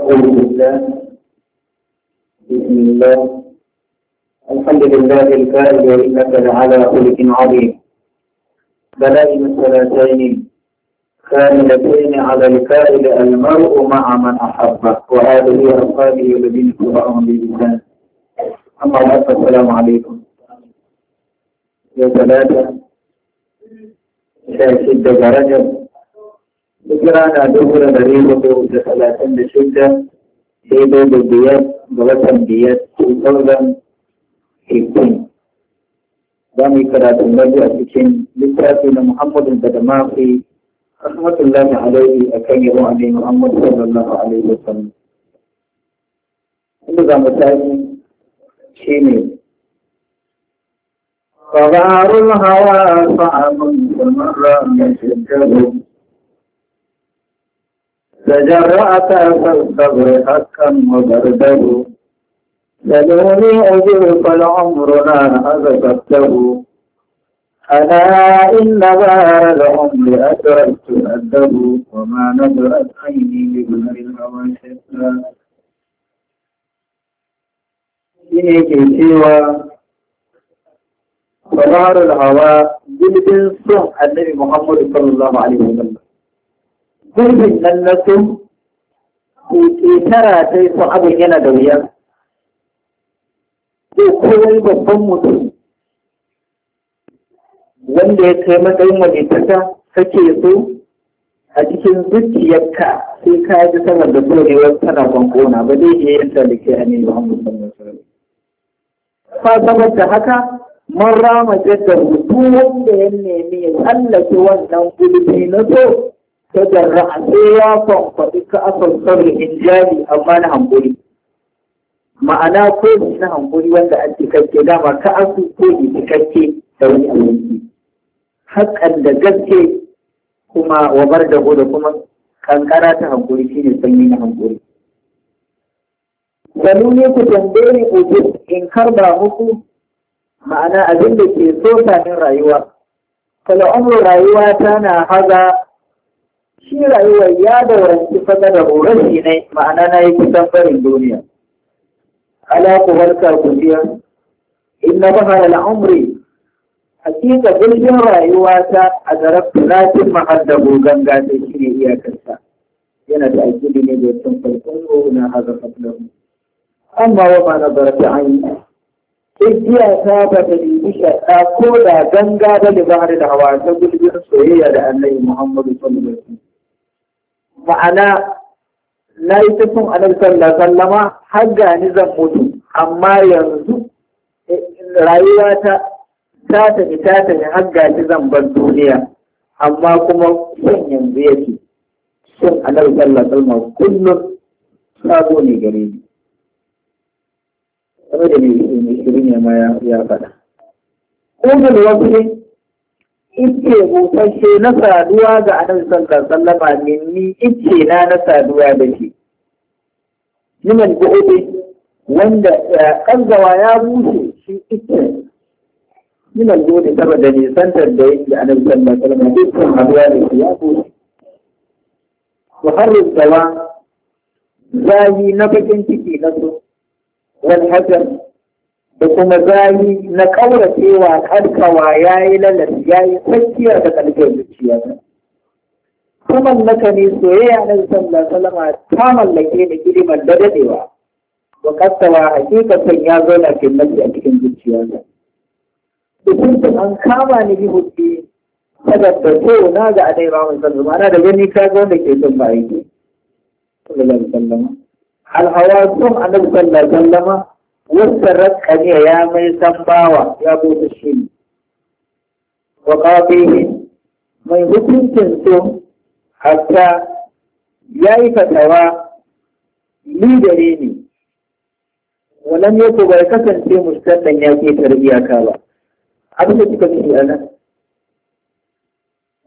أعوذ بالله بسم الله الحمد لله الكائل وإنك لعلى خلق عظيم بلائم الثلاثين كاملتين على الكائل المرء مع من أحبه وهذه وأصحابه الذين اتبعهم بإحسان أما بعد فالسلام عليكم يا ثلاثة شهر ستة رجب hijira na dubura gare hudu da talatin da shida daidai da biyar da watan biyar tsoron hikun za mu yi karatun rabi a cikin littafi na muhammadu da mafi rahmatullahi alaihi a kan yawon ne Muhammadu sallallahu alaihi sallam. inda za mu tashi shine فغار الهوى صعب فمر يشده تجرأت فالصبر حقا وبرده لدوني أجرك العمر لا أذكرته ألا إن بار العمر أدركت أدبه وما نظرت عيني ببنر الهوى شتى shine ke cewa baharul hawa jirgin son annabi Muhammadu sallallahu alaihi gurbin nan na sun ƙetara sai su abin yana da wuya zai koyar babban mutum wanda ya kai matsayin tata kake so a cikin zuciyarka sai ka ji sanar da dorewar tana kwankona ba zai iya yin da ke annabi Muhammad sallallahu alaihi wasallam saboda haka mun rama jaddar mutum wanda ya nemi ya tsallake wannan gurbi na so ta jarra a sai ya kwamfaɗi ka asal in injani amma na hankuri ma'ana ko ne na hankuri wanda an cikakke dama ka asu ko ne cikakke da wani abinci haƙan da gaske kuma wa bar da da kuma kankara ta hankuri shine sanyi na hankuri Gano ne ku tambayi ubu in karba muku ma'ana abin da ke so samun rayuwa. Kala umru rayuwa tana haza shi rayuwar ya da horar shi ne ma'ana na yi kusan barin duniya ala ku barka ku biya inna bahar al'umri hakika birgin rayuwa ta a zarar tunatin mahaddabu gogon ta shi ne iyakarsa yana da aiki ne da tun farkon na haza fadarar amma wa ma na zarafi an yi igiya ta ba ta nemi shaɗa ko da ganga da libari da hawa ta gulbin soyayya da annabi muhammadu sallallahu alaihi wasallam ma'ana na yi ta sun annabi sallama har ni zan mutu amma yanzu rayuwata ta tafi ta tafi har ni zan bar duniya amma kuma son yanzu yake son annabi sallallahu sallama kullum sabo ne gare ni Kuma da ne shirin ya ma ya faɗa. Kogin wasu ne ice busasshe na saduwa ga anan sallar sallama ni ice na na saduwa da shi ga gobe wanda eh, kanzawa ya bushe shi ice liman gobe saboda nisantar da yake anan sallar sallama dukkan haduwa da shi ya bushe muharrin dawa zayi na bakin ciki na so wani hajjar da kuma zai na cewa karkawa ya yi lalata ya yi tsakiyar da kalbiyar kuma ta mallaka ne soyayya na sallar salama ta mallake da girman da dadewa wa kasawa hakikatan ya zauna filmaci a cikin zuciyarsa da sun an kama ni bi hudu ta so na ga adai ba mun sallama ana da gani ka zo da ke son bayi ne sallallahu alaihi al sun annabi sallar alaihi wanda ne ya mai san bawa ya bude shi ne wa ne? mai hukuncin su hatta ya yi fatawa lidare ne Wannan yako bai kasance musamman ya ke tarbi ya ba abin da suka fi nan.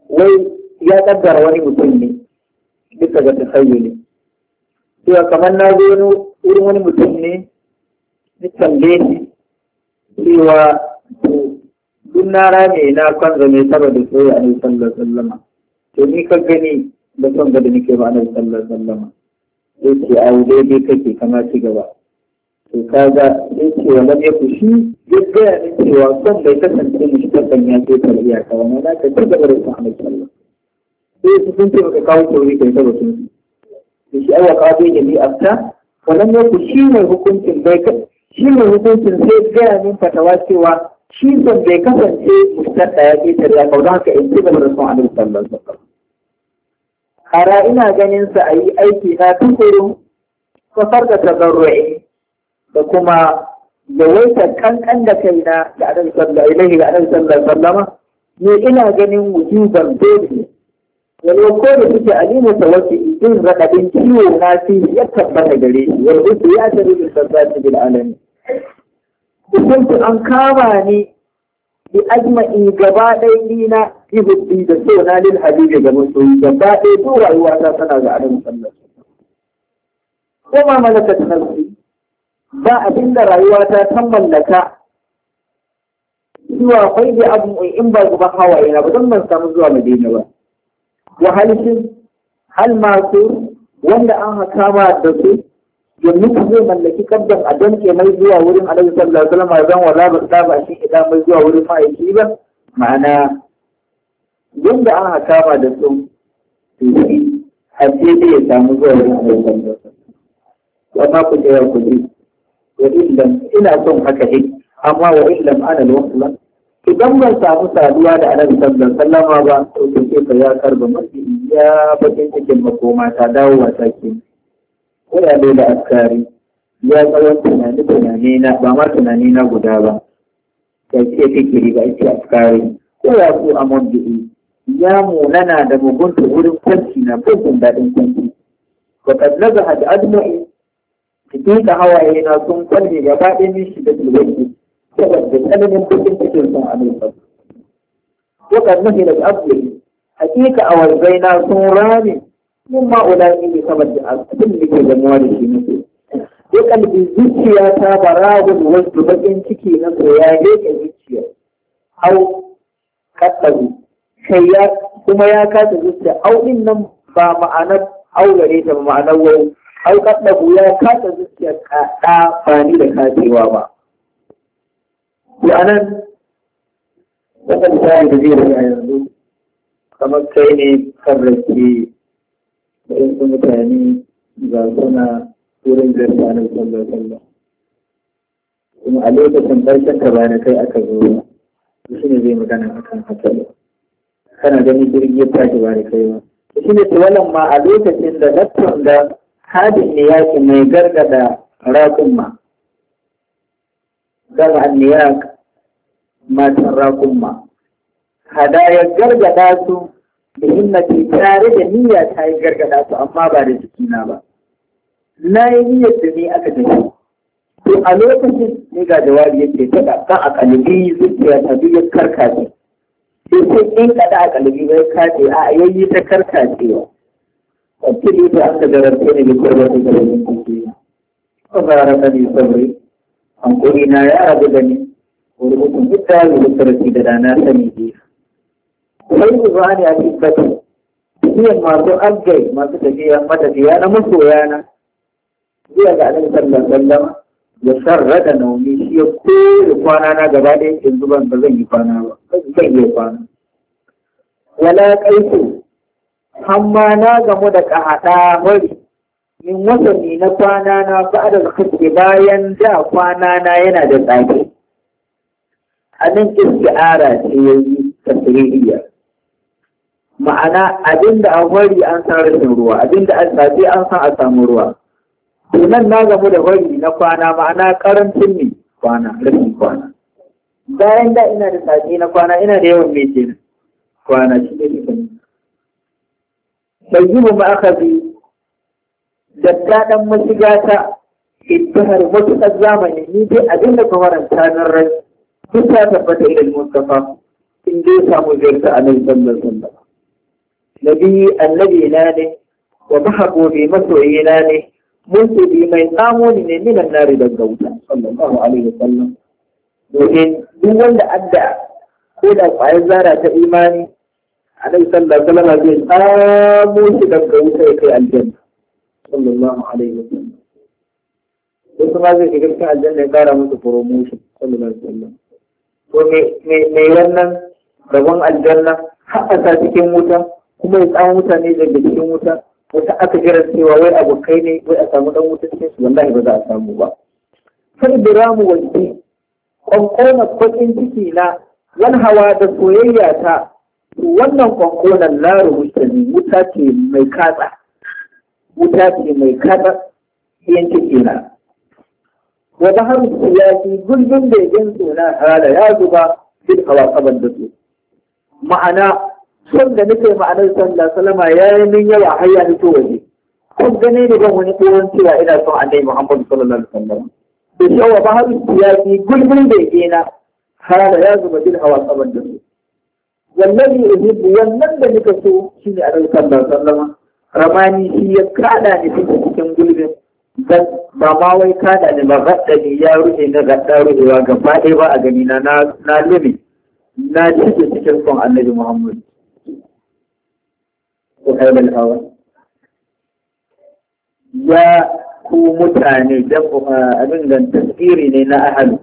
wai ya ɗaggar wani mutum ne duka ga ne. to kamar na zo wurin wani mutum ne tambaye shi cewa duk na rame na kwanza mai saba da soya a nan sallar sallama to ni ka gani da kwanza da nake ba a sallar sallama Ya ce a daidai kake kama ci gaba to ga. Ya ce wa lam yaku shi ya gaya ni cewa son bai kasance mu shi kan ya ce kar iyaka wani na ka ci gaba da su a nan sallar sai su sun ce baka kawo tori kai saba sun da shi aiwa kawo bai da ni wannan yaku shi mai hukuncin bai shi ne hukuncin sai gaya min fatawa cewa shi zan bai kasance mustar da ya ke tare a don haka in ci gaba da son annabi sallallahu ina ganin sa a yi aiki na tukuru kafar da tazarru'i da kuma waita kankan da kaina da annabi da adal sallan sallama ne ina ganin wujuban dole wani ko da suke alimu tawaki jin raɗaɗin ciwo na fi ya tabbata gare shi wani uku ya tare da sassati bin alami su an kama ni bi ajma'i gaba ɗaya ni na ihuddi da so na lil habibi ga masoyi gaba ɗaya duk rayuwa ta tana ga adam sallallahu ko ma malakat nafsi ba abinda rayuwa ta san mallaka zuwa kwai da abu in ba ba hawaye na ba don ban samu zuwa madina ba wahalshin hal masu wanda an hakama da su ya ku zai mallaki kaddan a danke mai zuwa wurin alaihi sallallahu alaihi wasallam zan wala ba ta ba shi idan mai zuwa wurin ma'aiki ba ma'ana yanda an hakama da su to shi har sai ya samu zuwa wurin alaihi sallallahu alaihi wasallam amma ku tsaya ku ji wa illam ina son haka dai amma wa illam ana lokacin idan ban samu saduwa da annabi sallallahu sallama ba to ke ka ya karba mafi ya bakin cikin makoma ta dawo a take Ko ya dai da askari ya tsawon tunani tunani na ba ma tunani na guda ba ya ce fikiri ba ce askari Ko ya ku amon bi'i ya munana da mugunta wurin kwanci na kwanci daɗin kwanci ba kad nazaha da admu'i hakika hawaye na sun kwalle gaba ɗaya min shi da tilwaki saboda tsananin bakin cikin sun amince wakan nahi da abdi hakika a warzaina sun rame mun ma ulai ne saboda abin da ke gamuwa da shi muke ya kalbi zuciya ta barabun wasu bakin ciki na soya yake zuciya au kaddaru kai ya kuma ya kasa zuciya au din nan ba ma'anar aure gare ta ba ma'anar wau au kaddaru ya kasa zuciya ka da da kasewa ba ya anan wata misali da zai rayu a yanzu kamar kai ne kan rake da yanzu mutane ga suna wurin da ya na sallar sallar kuma a lokacin karshen ka ba da kai aka zo shi ne zai magana akan haka kana gani jirgi ya tashi ba da kai ba shi ne tuwalan ma a lokacin da dattan da hadin ne yaki mai gargada rakun ma gama an ne matarakun ya gargada su da himmati tare da niyya ta yi gargada su amma ba da jikina ba na yi niyyar da ne aka tafi to a lokacin ne ga jawabi yake ta ɗaɗa a ƙalibi zuciya ta biyu karkace sai sai in kaɗa a ƙalibi bai kace a yayi ta karkacewa wacce ne ta aka garanta ne da kurbatin da wani kuma ba ra ta ne saboda hankali na ya rabu da ni wani ya yi da yi da dana sani ne sai ubani a cikin biyan masu algai masu tafiya matafiya na masoya na zuwa ga alin sallan sallama ya sarrada naumi shi ya kore kwana na gaba da yankin zuban ba zan yi kwana ba zan yi kwana wala kaiku amma na gamu da kahada mari min wasanni na kwana na ba'da kake bayan da kwana na yana da tsaki Abin nan ara ce ya yi tasiriya ma'ana abinda an wari an san rashin ruwa abinda an sace an san a samu ruwa to nan na gamu da wari na kwana ma'ana karancin ne kwana rashin kwana bayan da ina da sace na kwana ina da yawan mece kwana shi ne shi mu ma'akabi da daɗan mashiga ta ittihar matuƙar zamani ni dai abinda ka waranta nan rai sun ta tabbata ila al-mustafa in dai samu ziyarta annabi sallallahu alaihi wasallam nabi annabi na ne wa mahabubi masoyi na ne musubi mai tsamo ne minan nari daga wuta sallallahu alaihi wasallam domin duk wanda adda ko da kwayar zara ta imani alaihi sallallahu alaihi wasallam zai tsamo shi daga wuta ya kai aljanna sallallahu alaihi wasallam wasu ma zai shiga cikin aljanna ya kara musu promotion sallallahu alaihi wasallam ko mai wannan rabon aljanna haɓata cikin wuta kuma ya tsawon mutane daga cikin wuta wata aka jiran cewa wai abokai ne wai a samu dan wuta cikin su wallahi ba za a samu ba sai biramu wajhi kwankona kwakin ciki na wani hawa da soyayya ta wannan kwankonan laru mustani wuta ce mai katsa wuta ce mai katsa yanke kenan wa bahar siyasi gulbin begen suna hala ya zuba fil hawa kaban da su ma'ana son da nake ma'anar sallah salama ya yi min yawa har ya fito waje kun gane da ban wani tsohon cewa ina son annabi muhammadu sallallahu alaihi wasallam da shawa bahar siyasi gulbin begena hala ya zuba fil hawa kaban da su wallahi uhibbu wannan da nika so shine a sallallahu alaihi wasallam ramani shi ya kada ni cikin gulbin ba ma wai kana ne ba ne ya rufe na gaɗa ruhewa gaba ɗaya ba a gani na na lumi na cike cikin son annabi Muhammad ko hawa ya ku mutane da abin da tasiri ne na ahalu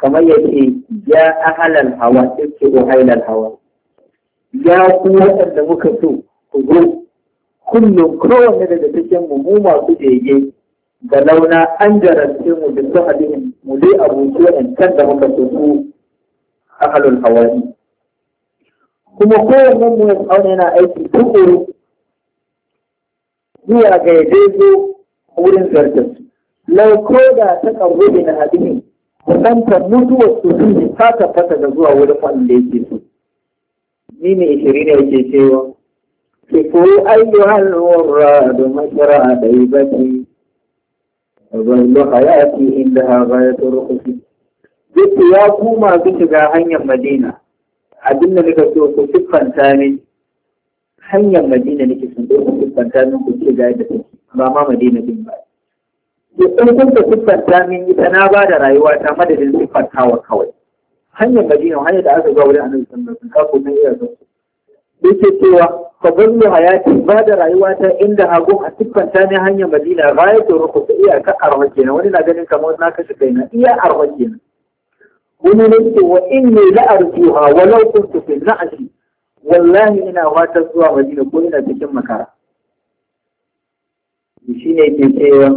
kamar yake ya ahalal hawa yake uhailal hawa ya ku waɗanda muka so ku zo kullum kowanne daga cikin mu mu masu bege da launa an jarabce mu da sahabin mu dai in kan da muka so su a halul hawari kuma kowanne mu ya tsauna yana aiki tukuru zuwa ga ya zo wurin zargin su lau ko da ta karbe na hadini kusantar mutuwar su sun ta tabbata da zuwa wurin wanda yake so ni ne ishirin yake cewa Ke koyi ayyuhal wurra da mashara a ɗaibatin وظل حياتي عندها غاية رخصي duk ya koma su shiga hanyar madina abin da nika so ku siffanta min hanyar madina nake son ku siffanta min ku ce ga yadda take ba ma siffanta min ita na bada da rayuwa ta madadin siffantawa kawai hanyar hanyar da aka ga wurin iya zo fadallu hayati ba da rayuwa ta inda hagu a siffanta ne hanyar madina ya da ruku ta iya ka arwa wani na ganin kamar na kashe na iya arwa kenan wani ne ce wa in ne la arjuha walau kuntu fi wallahi ina fatan zuwa madina ko ina cikin makara ne ke cewa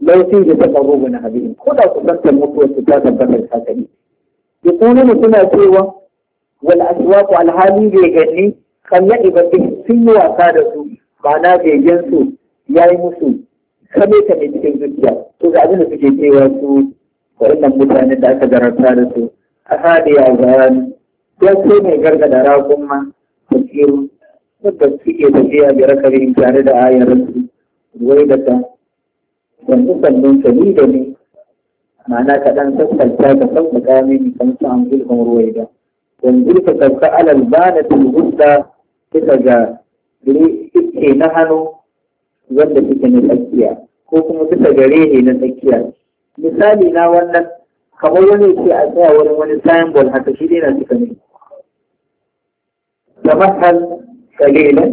da ta habibin ko da su ta tabbatar ne suna cewa wal aswaqu alhali gani kan yadi ba sun yi wasa da su na begen su ya yi musu kame ta ne cikin zuciya to ga abin da suke cewa su wannan mutanen da aka garanta da su a hada ya zaran ya sai mai gargada ragun ma da tsiru wadda suke tafiya da in tare da ayar su wai da ta yanzu sannan sani da ne ma'ana kaɗan sassanta da sauƙaƙa mini kan su an gulgun ruwai yanzu ka kanta alal banatul hudda kika ga ke na hannu wanda suke na tsakiya ko kuma suka gare ne na tsakiya misali na wannan kamar wani ke a tsaya wurin wani symbol haka shi dai na suka ne da mahal kalilan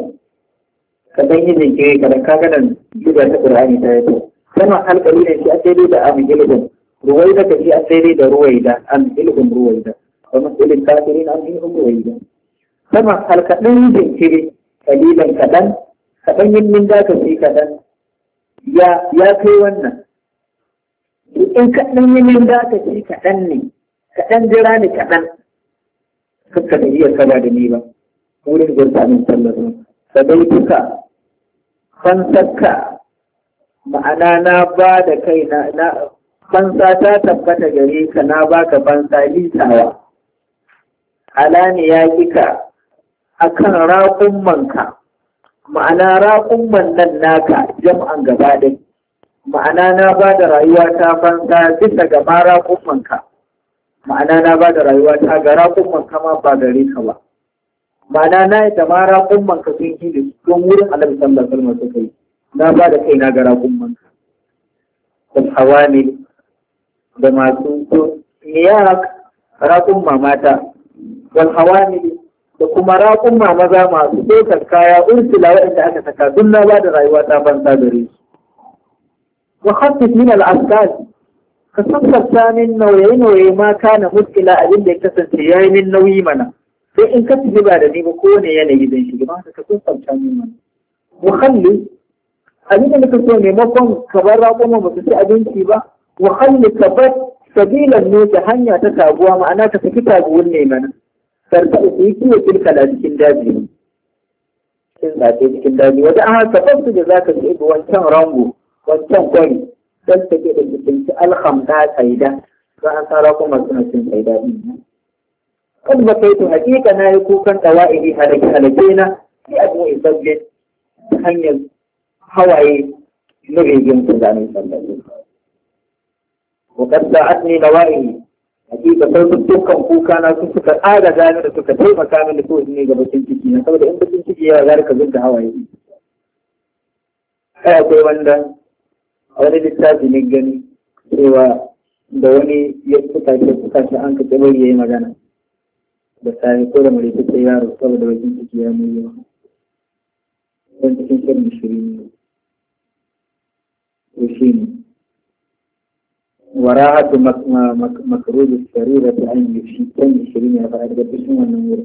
ka san yin jinkiri kada ka ga nan gida ta qur'ani ta yato sama hal kalilan shi a sai dai da amgilgun ruwaida ka shi a sai dai da ruwaida amgilgun ruwaida wa musulun kafirin an yi umuri sama alkaɗin jinkiri kalilan kaɗan kaɗan yin min daga ka fi kaɗan ya kai wannan in kaɗan yin min daga ka fi kaɗan ne kaɗan jira ne kaɗan kakka da iya kada da ni ba wurin gurta min tallafin sadaituka fansarka ma'ana na ba da kai na fansa ta tabbata gare ka na baka fansa lisawa alani ya kika akan raƙummanka ma'ana raƙumman nan naka jam'an gaba ɗaya ma'ana na ba da rayuwa ta fansa bisa ga ma raƙummanka ma'ana na ba da rayuwa ta ga raƙummanka ma ba gare ka ba ma'ana na yi da ma raƙummanka sun hili don wurin annabi sallallahu alaihi kai suka na ba da kai na ga raƙummanka kun hawa ne da masu ya raƙumma mata wal ne da kuma raƙun maza masu ɗaukar kaya ursula waɗanda aka saka duk na ba da rayuwa ta banza gare su. Wa hafiz min al'askari ka sassarta min nauye-nauye ma kana muskila abin da ya kasance ya yi min nauyi mana. Sai in ka tafi ba da ni ba yana yanayi zan shiga ba ka sassarta min mana. Wa halli abin da nika so maimakon ka bar raƙuma ba su ci abinci ba. Wa halli ka bar sabilan ne ta hanya ta taguwa ma'ana ka saki taguwar ne mana. sarka su yi kiwo tilka da cikin daji ne cikin zafi cikin daji wata an haka fasu da za ka ce wancan rango wancan kwari don ta ke da cikin ci alhamda tsaida za a tsara kuma suna cin tsaida ɗin kad ba kai to hakika na yi kukan ɗawa'ili halake halake na sai a kuma ta hanyar hawaye na rigin ku zanen sallallahu. Wakar da da'at da ɗawa'ili hakika su dukkan kuka na sun suka agaza da suka taimaka min da kowace ne ga bakin ciki na saboda in bakin ciki yawa zar ka zunta hawaye kai akwai wanda wani littafi ne gani cewa da wani ya suka ce suka ce an ka ya yi magana da sami ko da mare ta yaro saboda bakin ciki ya muyi ma Wani cikin shirin shirin ne shi ne وراءة مكروه السريرة أن يشيكني شرين فقد قدسوا النور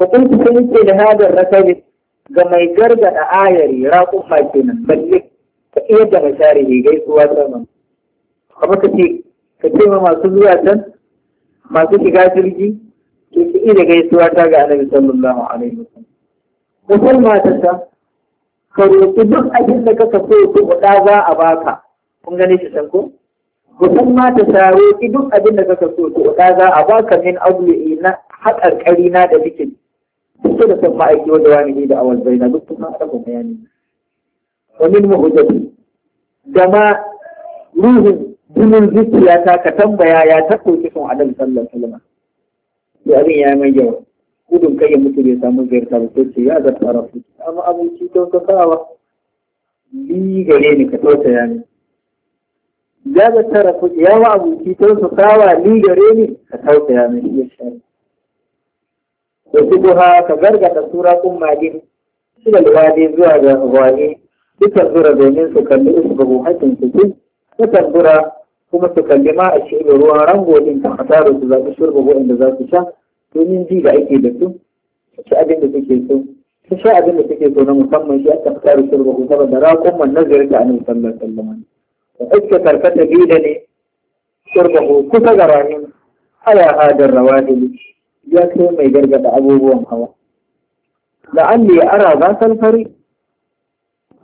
فقلت سيدي لهذا الرسل كما يجرد آيري راقم فاكنا بل فإيجا فإيه جيس واسما فما كتي كتيما ما سبيعتا ما سبيعتا جي كيف إيجا جيس واسما النبي صلى الله عليه وسلم وصل ما تسا فروت دك أجل لك كفوت وقاذا أباكا kun gane shi kusan ma ta saro ki duk abin da kaka so to da za a baka min abli na haƙar na da nake duk da san ma'aiki wanda wani ne da awal zaina duk kuma a ɗaukar bayani wa min mu'jati da ma ruhin jinin zuciya ta ka tambaya ya ta ɗauki sun adam sallallahu alaihi wasallam abin ya mai yawa gudun kai ya mutu bai samu ziyarta ba sai ya zarta rafu amma abinci don ka sawa ni gare ni ka tausaya ni ya ga kuɗi ya wa abuki ta su kawa ni gare ni ka ya mai iya shari da su ha ka gargata sura kun magin su da luwade zuwa ga wani dukkan zura domin su kalli su ga buhatin su su dukkan zura kuma su kalli ma a cikin ruwan rango din ka hasara su zaɓi shurba ko inda za su sha domin ji da ake da su su ci abin da suke so su sha abin da suke so na musamman shi aka da shurba ko saboda rakon man nazarin da annabi sallallahu alaihi wasallam iska karkata gida ne turba kusa ga rani ala hadar rawa da ya kai mai gargada abubuwan hawa Ga an ne ara ba salfari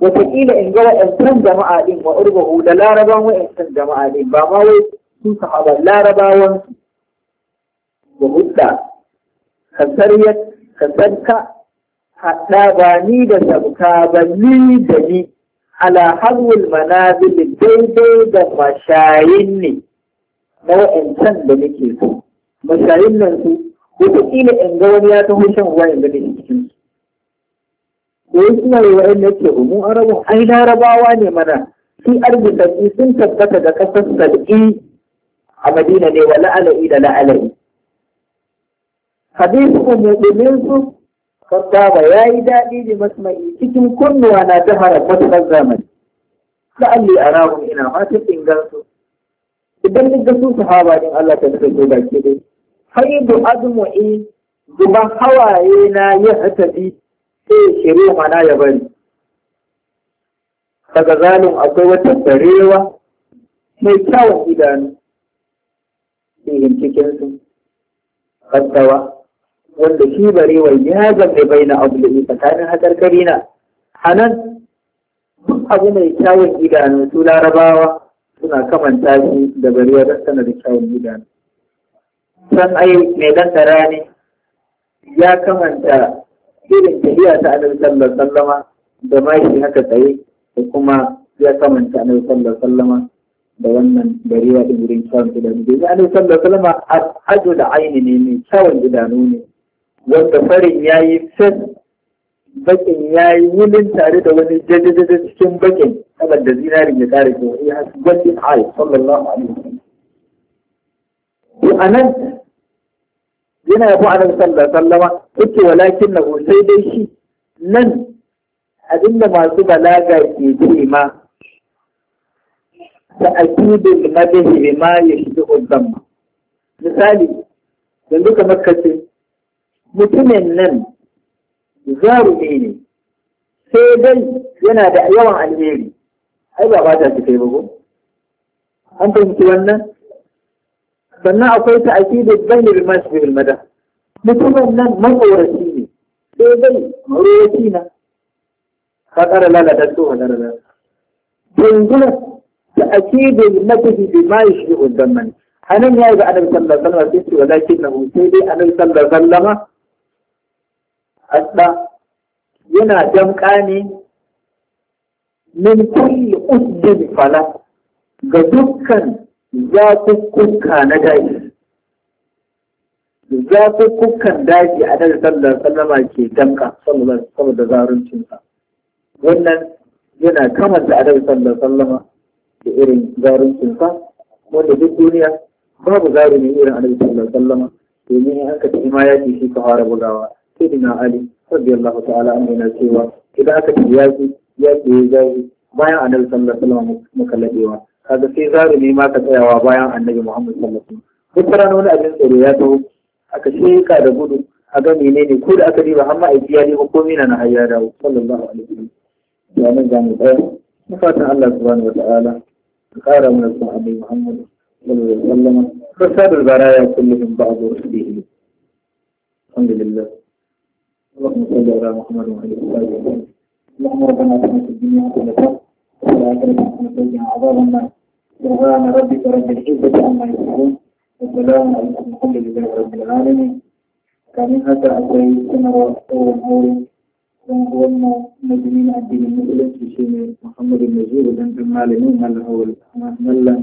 wataƙila in ga wa'ancan jama'a ɗin wa urbahu da larabawan wa'ancan jama'a din ba ma wai su sahaba larabawan ba hudda kasariyar kasarka haɗa ba ni da sabka ba ni da ni ala halwul manazil daidai da mashayin ne na wa'ancan da nake so mashayin nan su wataƙila in ga wani ya taho shan ruwa in ga cikin su ko suna yi wa'in na ce mu arabun ai larabawa ne mana shi arziki sun tabbata da ƙasar sarki a madina ne wa la'ala'i da la'ala'i hadisu mu ɗumin su ba ya yi daɗi da masmai cikin kunnuwa na dahara matuƙar zamani la'alli a ramun ina fatan in su. idan duk gasu sahaba din Allah ta zuba ke baki Hayi bu azmu'i zuba hawaye na ya hatabi sai shiru mana ya bari daga zalun akwai wata barewa mai kyawun idanu cikin cikinsu kattawa wanda shi wa ya zabe bai na abu da tsakanin haƙarƙari na hanan duk abu mai kyawun idanu su larabawa suna kamanta shi da barewa don tana da kyawun idanu san ai mai lantara ne ya kamanta irin tafiya ta annabi sallallahu sallama da shi haka tsaye da kuma ya kamanta annabi sallallahu sallama da wannan barewa da wurin kyawun idanu da annabi sallallahu sallama hajjo da aini ne mai kyawun idanu ne wanda farin ya yi fes bakin ya yi wulin tare da wani jajajajen cikin bakin kamar da zinarin ya tsara ke wani hasu gwajin hal sallallahu alaihi wasallam Ya nan yana yabo a nan sallar sallama yake walakin na sai dai shi nan da masu balaga ke ce ma ta akidin madahi ma ya shi misali yanzu kamar kacin mutumin nan zarumi ne sai dai yana da yawan alheri ai ba ta ci kai ba ko an fahimci wannan sannan akwai ta akidar zahirin masu bil mada mutumin nan matsoraci ne sai dai marowaci na ka ƙara lalata so a lalata dangula ta akidar mafi bi ma yi shi huddan mani a nan ya yi ga annabi sallallahu alaihi wasallam sai ce walakin na sai dai annabi sallallahu alaihi wasallam Asba yana damƙa ne min kulli uddin fala ga dukkan zafukkuka na daji zafukkukan daji a nan sallar sallama ke damƙa saboda zaruncinsa wannan yana kamanta a nan sallar sallama da irin zaruncinsa wanda duk duniya babu ne irin a nan sallar sallama domin an ka ta ima ya ce shi ka fara bugawa سيدنا علي رضي الله تعالى عنه نسيوا إذا أتك بيازي يأتي يزاوي بايا أن صلى الله عليه وسلم مكلبي وا هذا في زار نيما تتايا وبايا أن النبي محمد صلى الله عليه وسلم بكرا نون أبن سورياته أكا شيكا دبودو أكا مينيني كود أكا ديبا هما إبياني وقومين أنا حياداو صلى الله عليه وسلم يعني جاني بايا آه. مفاتح الله سبحانه وتعالى قال من الصحابي محمد صلى الله عليه وسلم فساد البرايا كلهم بعض رشده الحمد لله اللهم صل على محمد وعلى اله وصحبه اللهم ربنا اتنا في الدنيا حسنه سبحان ربك رب العزه عما يصفون وسلام على الحمد لله رب العالمين kamin haka akwai sanarwa tsawon aure don wannan majalin addinin musulunci shi ne muhammadu nazuru dan dan malamin mallan awal mallan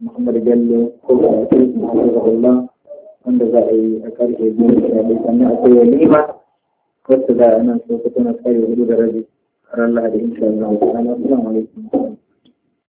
muhammad bello ko da ake wanda za a yi da karfe biyu da sannan akwai walima wasu da nan sun fito na kare wani da rabi har Allah da insha Allah. Assalamu alaikum.